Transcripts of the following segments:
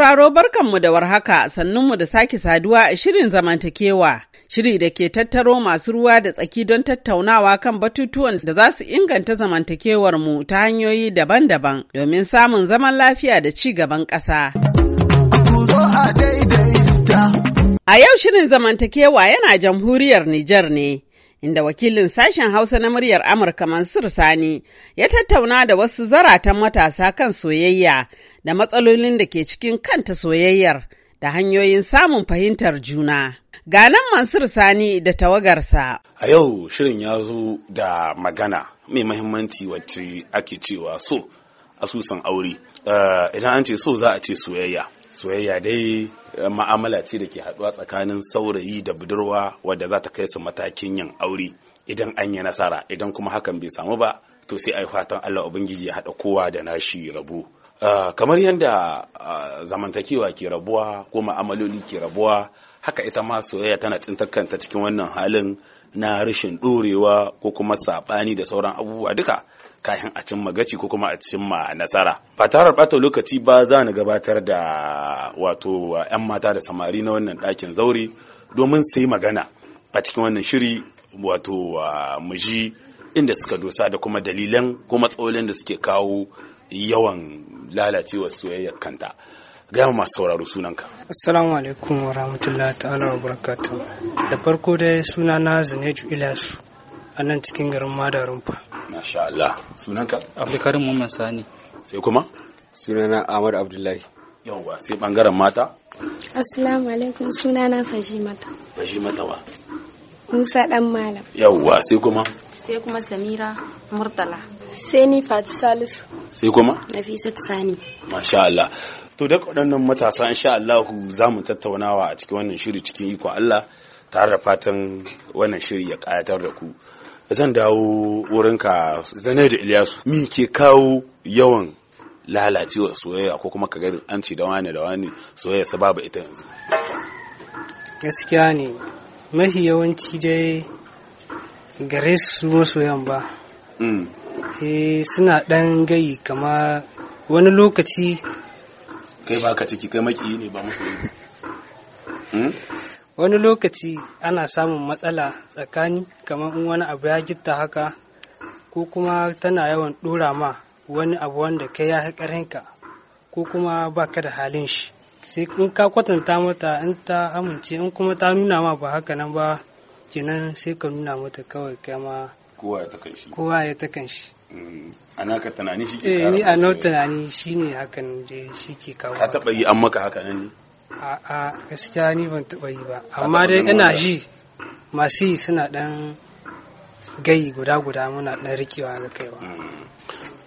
sauraro barkanmu da warhaka sannunmu da sake saduwa a shirin zamantakewa. Shiri da ke tattaro masu ruwa da tsaki don tattaunawa kan batutuwan da za su inganta zamantakewarmu ta hanyoyi daban-daban domin samun zaman lafiya da ci gaban ƙasa. A yau shirin zamantakewa yana jamhuriyar Nijar ne. inda wakilin sashen Hausa na muryar Amurka Mansur Sani ya tattauna da wasu zaratan matasa kan soyayya da matsalolin da ke cikin kanta soyayyar da hanyoyin samun fahimtar juna. Ganan Mansur Sani da tawagarsa. A yau shirin ya zo da magana mai mahimmanci wacce ake cewa so asusun aure. Eh, idan an ce so za a ce soyayya. soyayya dai eh, ma'amala ce da ke haɗuwa tsakanin saurayi da budurwa wadda za ta kai su matakin yin aure idan an yi nasara idan kuma hakan bai samu ba to sai a yi fatan Allah Ubangiji ya haɗa kowa da nashi rabu. Eh, kamar yadda eh, zamantakewa ke rabuwa ko ma'amaloli ke rabuwa haka ita ma soyayya tana tsintar kanta cikin wannan halin na rashin ɗorewa ko kuma saɓani da sauran abubuwa duka kafin a cimma gaci ko kuma a cimma nasara ba tare bata lokaci ba za ni gabatar da wato 'yan mata da samari na wannan ɗakin zaure domin su yi magana a cikin wannan shiri wato muji, inda suka dosa da kuma dalilan ko matsalolin da suke kawo yawan lalacewa soyayyar kanta gama masu sauraro sunanka. Assalamu alaikum wa rahmatullahi ta'ala wa barakatuh. Da farko dai suna na Zuneju Ilyasu a nan cikin garin rumfa. Masha Allah. Sunanka? Abdulkarim Muhammad Sani. Sai kuma? Sunana Ahmad Abdullahi. Yawwa, sai bangaren mata? Assalamu alaikum, sunana Fajimata. Fajimata wa? Musa dan Malam. Yawwa, sai kuma? Sai kuma Samira Murtala. Sai ni Fati Salisu. Sai kuma? Nafisat Sani. Masha Allah. To duk waɗannan matasa insha Allah za mu tattaunawa a cikin wannan shiri cikin iko Allah tare da fatan wannan shiri ya ƙayatar da ku. zan dawo wurinka zane da Ilyasu mi ke kawo yawan lalacewa soyayya ko kuma ka gari an ci da wani da wani soyayya babu ita gaskiya ne mafi yawanci dai gare su masoyan ba mm. eh, suna ɗan gayi kama wani lokaci kai ba ka ciki kai maki ne ba masoyi hmm? wani lokaci ana samun matsala tsakani kamar in wani abu ya gitta haka ko kuma tana yawan ɗora ma wani abu wanda kai ya ƙarhinka ko kuma baka da halin shi sai in ka kwatanta mata in ta amince in kuma ta nuna ma ba haka nan ba kenan sai ka nuna mata kawai kama kowa ya ta kan takan shi ana mm, ka tunani shi ke kawo eh, ba ni a nau tunani shine hakan je shi ke kawo ka taba yi an maka haka nan ne a'a gaskiya ni ban taɓa yi ba amma dai ina ji masu yi suna ɗan gai guda-guda muna ɗan rikewa ga kaiwa mm.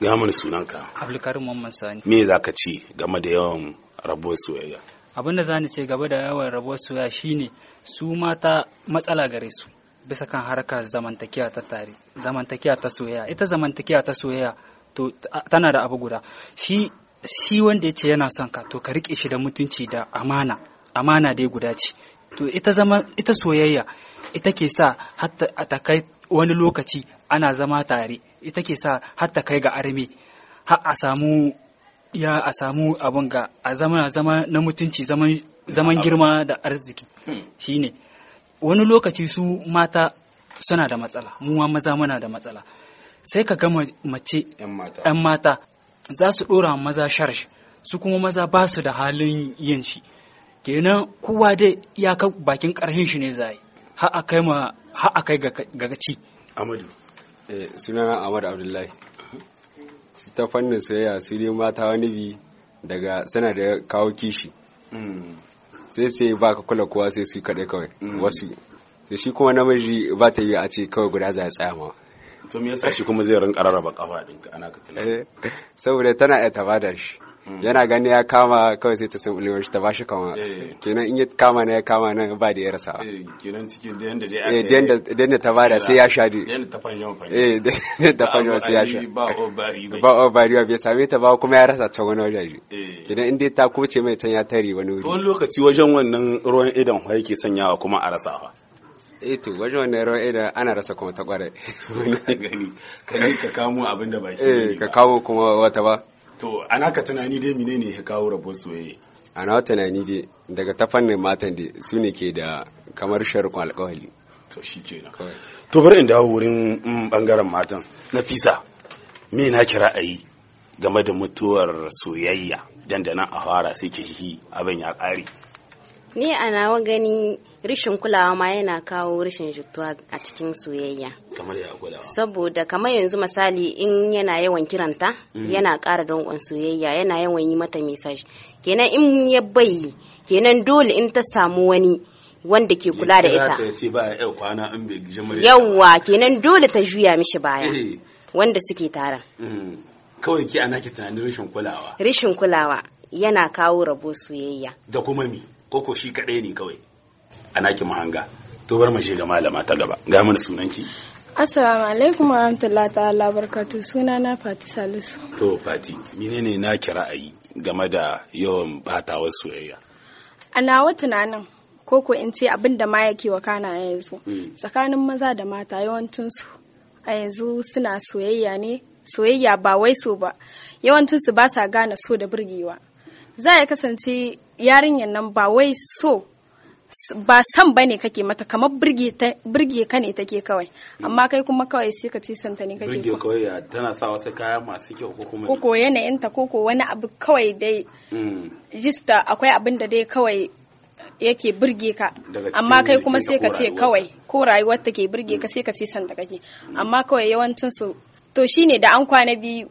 ga mana sunanka abdulkarim mamman sani me zaka ka ci game da yawan rabuwar soyayya abin da zani ce game da yawan rabuwar soyayya shine su mata matsala gare su bisa kan harka zamantakiya ta tare zamantakiya ta soyayya ita zamantakiya ta soyayya to tana da abu guda shi shi wanda ya ce yana son ka to ka riƙe shi da mutunci da amana amana dai guda ce to ita zama ita soyayya ita ke sa hatta ta kai wani lokaci ana zama tare ita ke sa hatta kai ga arme har a samu ya a samu abun ga a zama zama na mutunci zaman girma da arziki hmm. shine wani lokaci su mata suna da matsala mu maza muna da matsala sai ka gama mace 'yan mata za su ɗora maza sharsh su kuma maza ba su da halin yin shi kenan kowa dai ya ka bakin ƙarhin shi ne zai ha a kai ga gaci amadu eh, sunana amadu abdullahi ta fannin soyayya su ne mata wani bi daga sana da kawo kishi sai sai ba ka kula kowa sai su kaɗai kawai mm. wasu sai shi kuma namiji ba ta yi a ce kawai guda za a tsaya ma to me yasa shi kuma zai rinka rarraba kafa ɗinka ana ka tunani eh, saboda tana iya ta bada shi hmm. yana gani ya kama kawai sai ta san ulewar shi ta bashi kama eh. kenan in ya kama na ya kama nan ba da ya rasa eh, kenan cikin da yanda dai da yanda ta bada sai ya sha da yanda ta fanya fanya eh da fanya sai ya sha ba o bari ba o bari ba same ta ba kuma ya rasa ta wani waje kenan in dai ta koce mai can ya tare wani wuri to lokaci wajen wannan ruwan idan yake sanyawa kuma a rasa fa eto eh to wajen wannan rawar idan ana rasa kuma ta kware gani ka kamo abinda ba shi eh, ne ka kawo kuma wata ba to ana ka tunani dai ne ya kawo rabo soyayya ana tunani dai daga ta fannin matan dai su ne ke da kamar sharkon alkawali to shi kenan to bari in dawo wurin bangaren mm, matan nafisa me na kira ayi game da mutuwar soyayya dandanan a fara sai ke shi abin ya kare ni a nawa gani rishin kulawa ma yana kawo rishin jituwa a cikin soyayya kamar ya kulawa saboda kamar yanzu misali in yana yawan kiranta mm. yana ƙara danƙon soyayya yana yawan yi mata message kenan in ya bayi kenan dole in ta samu wani wanda ke kula da ita yawwa kenan dole ta juya mishi baya eh. wanda suke taron mm. kawai ke ana ke tunanin rishin kulawa rishin kulawa yana kawo rabo soyayya da kuma mi Koko shi kadai ne kawai a naki mahanga to bar mu ga malama ta gaba ga mana sunanki Assalamu alaikum wa rahmatullahi ta'ala barkatu suna na Fati Salisu. To Fati, menene na ki ra'ayi game da yawan wasu soyayya? A nawa tunanin koko in ce abin da ma yake wakana a yanzu mm. tsakanin maza da mata yawancinsu a yanzu suna soyayya ne soyayya ba wai so ba yawancinsu ba sa gane so da burgewa za ya kasance yarinyar nan ba wai so ba san ba ne kake mata kamar birge ka ne take kawai amma kai kuma kawai sai ka ci santa ne kake birge kawai tana sa wasu kaya masu kyau ko kuma koko yanayin ko ko wani abu kawai dai hmm. jista akwai abin da dai kawai yake birge ka amma kai kuma sai ka ce kawai ko rayuwar take birge ka hmm. sai ka ci santa kake hmm. amma kawai yawancin su to shine da an kwana biyu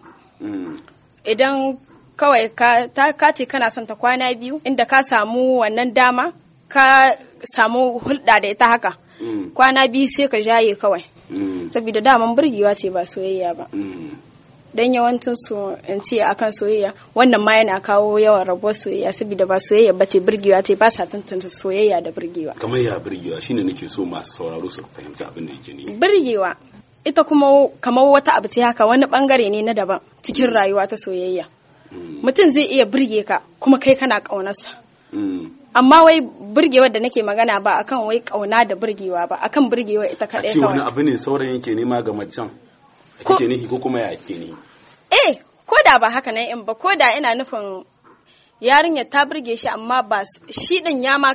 idan kawai ka ka ce kana son ta kwana biyu inda ka samu wannan dama ka samu hulɗa da ita haka mm. kwana biyu sai ka jaye kawai mm. saboda daman burgewa ce ba soyayya ba mm. don yawancin su in ce akan soyayya wannan ma yana kawo yawan rabuwar soyayya saboda ba soyayya ba ce burgewa ce ba sa tantance soyayya da burgewa kamar ya burgewa shine nake so masu sauraro su fahimci abin da yake ne burgewa ita kuma kamar wata abu ce haka wani bangare ne na daban cikin rayuwa ta soyayya Mm. mutum zai iya burge ka kuma kai kana ƙaunarsa mm. amma wai birgewar da nake magana ba akan wai ƙauna da burgewa ba akan burgewa ita kaɗai kawai a ce wani abu ne saurayin ke nema ga macen kike nihi ko kuma ya ke ni. eh ko da ba haka nan in ba ko da ina nufin yarinyar ta burge shi amma ba shi din ya ma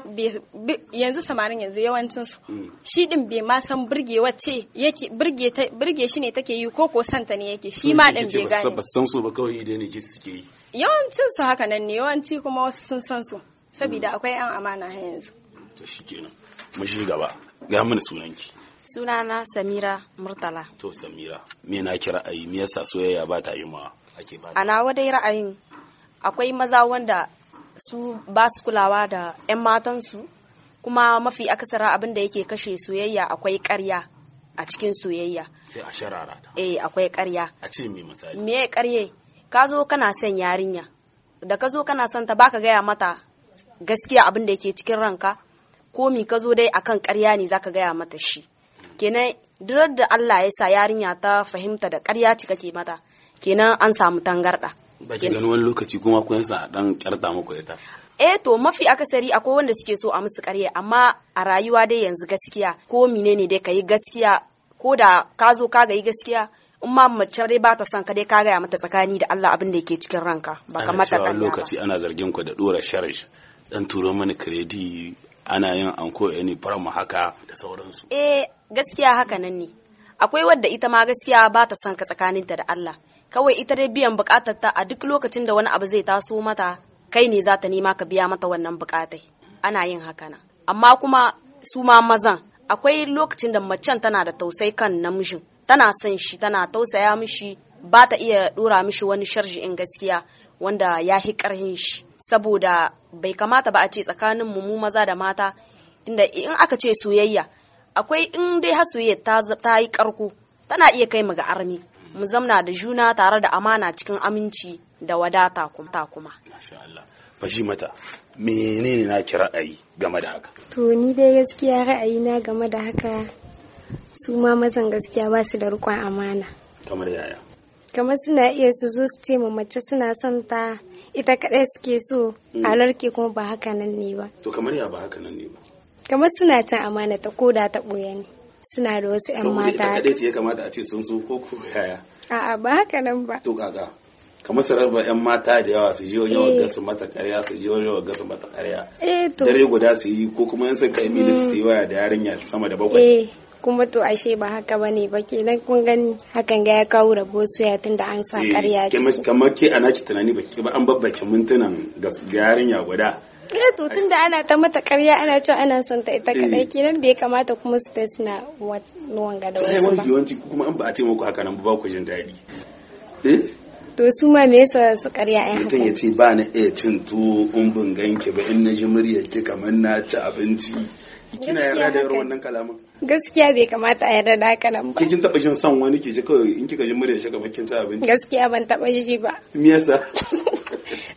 yanzu samarin yanzu yawancin su mm. shi din bai ma san burge wace yake burge ta burge shi ne take yi ko ko santa ne yake shi ma din bai gane ba san su ba kawai idan ne suke yi yawancin su haka nan ne yawanci kuma wasu sun san su saboda mm. akwai yan amana har yanzu to shikenan mu shi gaba ga mana sunanki sunana samira murtala to samira me na kira ayi me yasa soyayya ba ta yi ma ake ba ana wadai ra'ayin akwai maza wanda su ba su kulawa da 'yan matansu kuma mafi akasara abin da yake kashe soyayya akwai karya a cikin soyayya sai a sharara eh akwai karya a ce me misali me karye ka zo kana son yarinya da ka zo kana son ta baka gaya mata gaskiya abin da yake cikin ranka ko mi ka zo dai akan karya ne zaka gaya mata shi kenan duk da Allah ya sa yarinya ta fahimta da karya cika kake mata kenan an samu tangarda ba ki gani wani lokaci kuma kun sa dan kyarta muku ita eh to mafi akasari akwai wanda suke so a musu ƙarya amma a rayuwa dai yanzu gaskiya ko menene dai kayi gaskiya ko da ka zo ka ga yi gaskiya in ma mace dai ba ta son ka dai ka gaya mata tsakani da Allah abin da yake cikin ranka ba ka mata kanya lokaci ana zargin ku da dora sharish dan turo mana kredi ana yin anko any promo haka da sauransu eh gaskiya haka nan ne akwai wadda ita ma gaskiya ba ta son ka tsakaninta da Allah kawai ita dai biyan bukatar ta a duk lokacin da wani abu zai taso mata kai ne za ta nema ka biya mata wannan bukatai ana yin haka na. amma kuma su ma mazan akwai lokacin da macen tana da tausai kan namijin tana son shi tana tausaya mishi ba ta iya dora mishi wani sharji in gaskiya wanda ya hi karhin shi saboda bai kamata ba a ce tsakanin mu maza da mata inda in aka ce soyayya akwai in dai hasoyiyar ta yi karko tana iya kai mu ga armi mu zamna da juna tare da amana cikin aminci da wadata kuma. Masha Allah. mata menene na ki ra'ayi game da haka? To ni dai gaskiya ra'ayi na game da haka su ma mazan gaskiya ba su da riƙon amana. Kamar yaya? Kamar suna iya su zo su ce mace suna son ta ita kadai suke so mm. alarki kuma ba haka nan ne ba. To kamar ya ba haka nan ne ba? kamar suna cin amana ta koda ta ɓoye ne suna da wasu 'yan mata haka. ya kamata a ce sun su ko ko yaya. A'a ba haka nan ba. To kaka kamar su raba 'yan mata da yawa su ji wani eh. wagga su mata karya su ji wani wagga su mata karya. Eh, Dare guda su yi ko kuma yan sanka kai mili hmm. su yi waya da yarinya sama da bakwai. Eh, kuma to ashe ba haka ba ne ba nan kun gani hakan ga ya kawo rabo soya tun da an sa karya. Kamar ke ana ki tunani ba an babbace mintunan ga yarinya guda. eh to tunda ana ta mata karya ana cewa ana son ta ita kadai eh. kenan bai kamata kuma su ta na wanga da eh, wasu ba yawanci kuma an ba a ce muku haka nan ba ku jin dadi eh to su ma me yasa su karya ai haka ya ce ba na iya cin tuwo in bin ganki ba in naji ji muryar ki kamar na ci abinci kina yarda da irin wannan kalaman gaskiya bai kamata a yarda da haka nan ba kin taba jin son wani ki ji kawai in kika ji muryar shi kamar kin ci abinci gaskiya ban taba ji ba me yasa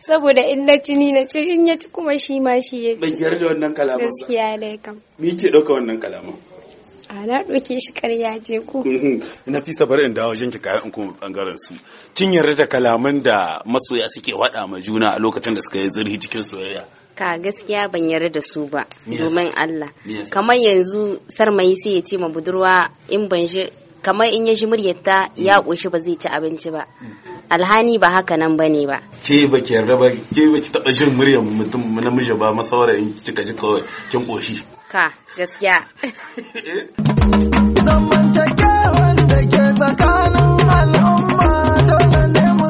saboda in na ci ni na ci in ya ci kuma shi ma shi ya ci ban yarda wannan kalaman gaskiya dai kam me ke ɗauka wannan kalaman a na ɗauke shi karya je ko. Mhm. na fi sabar in dawo jinki kayan in kuma ɓangaren su kin yarda da kalaman da masoya suke waɗa ma juna a lokacin da suka yi zurfi cikin soyayya ka gaskiya ban yarda da su ba domin Allah kamar yanzu sarmayi sai ya ce ma budurwa in ban shi kamar in ya shi muryarta ya mm. ƙoshi ba zai ci abinci ba mm. alhani ba haka nan ba ne ba ke ba ki raba ke ba ki taɓa jin muryar mutum namiji ba in cika ji kawai kin ƙoshi. ka gaskiya ke tsakanin al'umma dole ne mu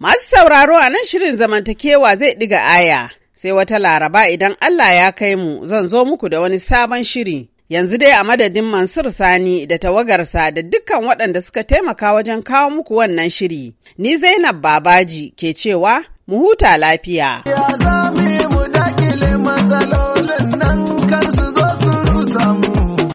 masu sauraro a nan shirin zamantakewa zai ɗiga aya sai wata laraba idan Allah ya kai mu zan zo muku da wani sabon shiri Yanzu dai a madadin Mansur Sani da tawagarsa da dukkan waɗanda suka taimaka wajen kawo muku wannan shiri, ni Zainab Babaji ke cewa mu huta lafiya.